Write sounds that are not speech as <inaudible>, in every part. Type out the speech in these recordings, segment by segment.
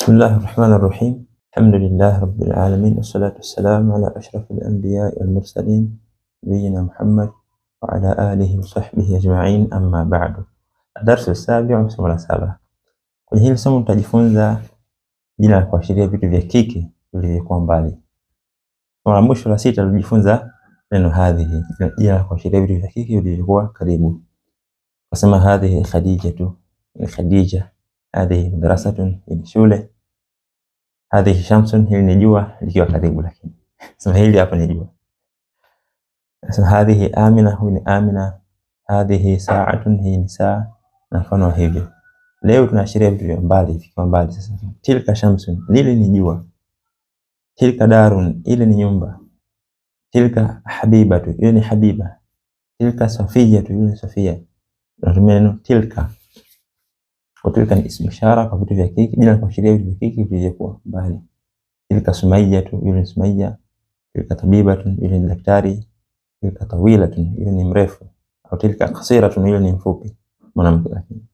بسم الله الرحمن الرحيم الحمد لله رب العالمين والصلاة والسلام على أشرف الأنبياء والمرسلين نبينا محمد وعلى آله وصحبه أجمعين أما بعد الدرس السابع سبعة سبعة كل هي لسمو تليفون ذا جينا كوشيريا بيتو ذي كيكي بيتو ذي كوان بالي ومع موش فلاسي تليفون ذا لأنه هذه جينا كوشيريا بيتو ذي كيكي بيتو ذي كوان كريمو هذه خديجة خديجة Hadhihi madrasatun, hii ni shule. Hadhihi shamsun, hili ni jua likiwa karibu, lakini sema <laughs> hili hapa ni jua. Sasa hadhihi amina, huyu ni amina. Hadhihi saatun, hii ni saa na mfano hivyo. Leo tunaashiria vitu vya mbali, vikiwa mbali. Sasa tilka shamsun, lile ni jua. Tilka darun, ile ni nyumba. Tilka habibatu, ile ni habiba. Tilka safiyatu, ile ni safia. Tunatumia neno tilka kwa tilka ni ismu ishara kwa vitu vya kike, jina kuashiria vitu vya kike vilivyokuwa mbali. Tilka sumaija tu, yule ni sumaija. Tilka tabiba tu, yule ni daktari. Tilka tawila tu, yule ni mrefu. Au tilka kasira tu, yule ni mfupi, mwanamke. Lakini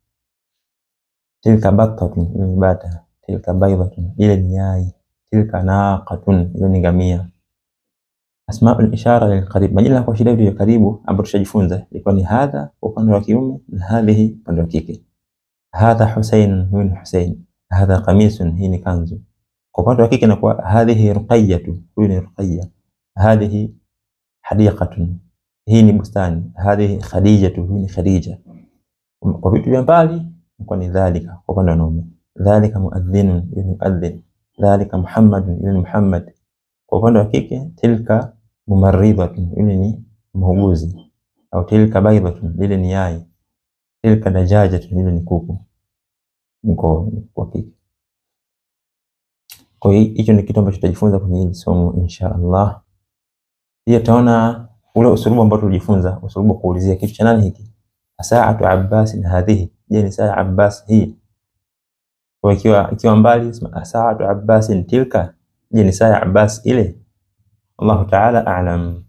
tilka batta tu, yule ni bata. Tilka baidha tu, yule ni yai. Tilka naqa tu, yule ni ngamia. Asmaul ishara lil qarib, majina kuashiria vitu vya karibu ambapo tushajifunza ilikuwa ni hadha kwa upande wa kiume na hadhihi upande wa kike hadha Husain, huyu ni Husain. Hadha qamisun, hii ni kanzu. Kwa upande wa kike inakuwa hadhihi ruqayyatu, huyu ni Ruqayya. Hadhihi hadiqatun, hii ni bustani. Hadhihi khadijatu, huyu ni Khadija. Kwa vitu vya mbali inakuwa ni dhalika. Kwa upande wa wanaume dhalika muadhdhinun, huyu ni muadhdhin. Dhalika Muhammadun, huyu ni Muhammad. Kwa upande wa kike tilka mumarridatun, huyu ni muuguzi. Au tilka baydatun, lile ni yai ile panda jaja ni kuku mko Kwa hiyo hicho ni kitu ambacho tutajifunza kwenye hili somo insha Allah. Pia taona ule usulubu ambao tulijifunza, usulubu kuulizia kitu cha nani hiki? Saatu Abbas na hadhihi. Je, ni saa Abbas hii? Kwa ikiwa ikiwa mbali saatu Abbas tilka. Je, ni saa Abbas ile? Allahu ta'ala a'lam.